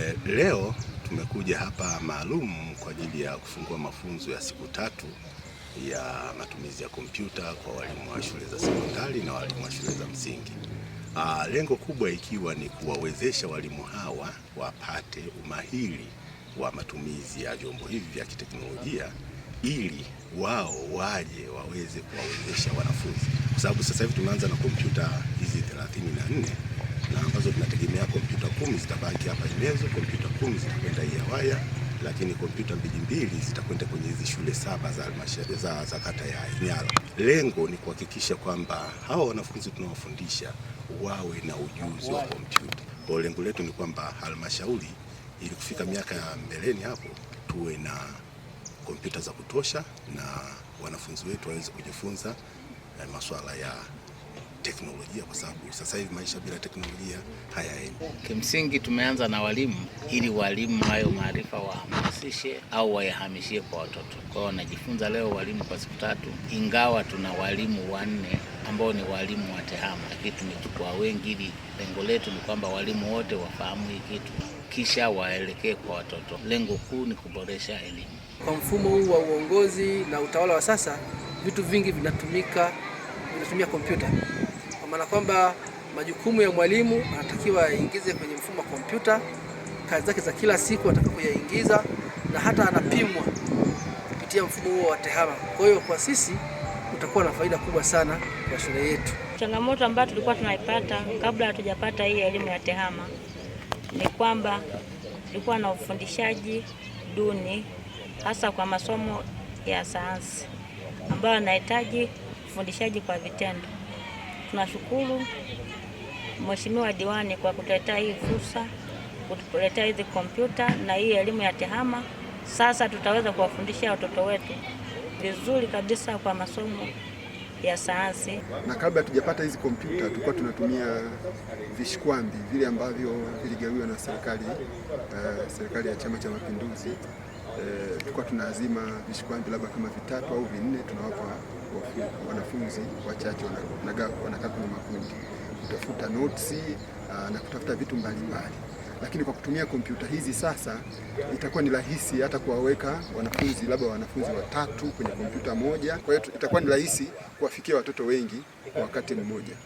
Eh, leo tumekuja hapa maalum kwa ajili ya kufungua mafunzo ya siku tatu ya matumizi ya kompyuta kwa walimu wa shule za sekondari na walimu wa shule za msingi. A, ah, lengo kubwa ikiwa ni kuwawezesha walimu hawa wapate umahiri wa matumizi ya vyombo hivi vya kiteknolojia ili wao waje waweze kuwawezesha wanafunzi, kwa sababu sasa hivi tumeanza na kompyuta hizi 34 na ambazo tunategemea kompyuta kumi zitabaki hapa Inezo, kompyuta kumi zitakwenda iyawaya lakini kompyuta mbili mbili zitakwenda kwenye hizi shule saba za halmashauri za, za kata ya Inyala. Lengo ni kuhakikisha kwamba hawa wanafunzi tunawafundisha wawe na ujuzi wa kompyuta. Kwa lengo letu ni kwamba halmashauri ili kufika miaka ya mbeleni hapo tuwe na kompyuta za kutosha na wanafunzi wetu waweze kujifunza eh, masuala ya teknolojia, kwa sababu sasa hivi maisha bila teknolojia hayaendi. Kimsingi tumeanza na walimu, ili walimu hayo maarifa wahamasishe au wayahamishie kwa watoto. Kwa hiyo wanajifunza leo walimu kwa siku tatu, ingawa tuna walimu wanne ambao ni walimu wa tehama, lakini tumechukua wengi, ili lengo letu ni kwamba walimu wote wafahamu hii kitu kisha waelekee kwa watoto. Lengo kuu ni kuboresha elimu. Kwa mfumo huu wa uongozi na utawala wa sasa, vitu vingi vinatumika, vinatumia kompyuta maana kwamba majukumu ya mwalimu anatakiwa yaingize kwenye mfumo wa kompyuta, kazi zake za kila siku atakapoyaingiza, na hata anapimwa kupitia mfumo huo wa TEHAMA. Kwa hiyo kwa sisi utakuwa na faida kubwa sana kwa shule yetu. Changamoto ambayo tulikuwa tunaipata kabla hatujapata hii elimu ya TEHAMA ni kwamba tulikuwa na ufundishaji duni, hasa kwa masomo ya sayansi ambayo anahitaji ufundishaji kwa vitendo tunashukuru Mheshimiwa diwani kwa kutuletea hii fursa, kutuletea hizi kompyuta na hii elimu ya TEHAMA. Sasa tutaweza kuwafundisha watoto wetu vizuri kabisa kwa masomo ya sayansi. Na kabla hatujapata hizi kompyuta, tulikuwa tunatumia vishikwambi vile ambavyo viligawiwa na serikali uh, serikali ya Chama cha Mapinduzi. Uh, tulikuwa tunaazima vishikwambi labda kama vitatu au vinne tunawapa wanafunzi wachache wanakaa kwenye makundi kutafuta notes ah, na kutafuta vitu mbalimbali, lakini kwa kutumia kompyuta hizi sasa itakuwa ni rahisi hata kuwaweka wanafunzi labda wanafunzi watatu kwenye kompyuta moja. Kwa hiyo itakuwa ni rahisi kuwafikia watoto wengi kwa wakati mmoja.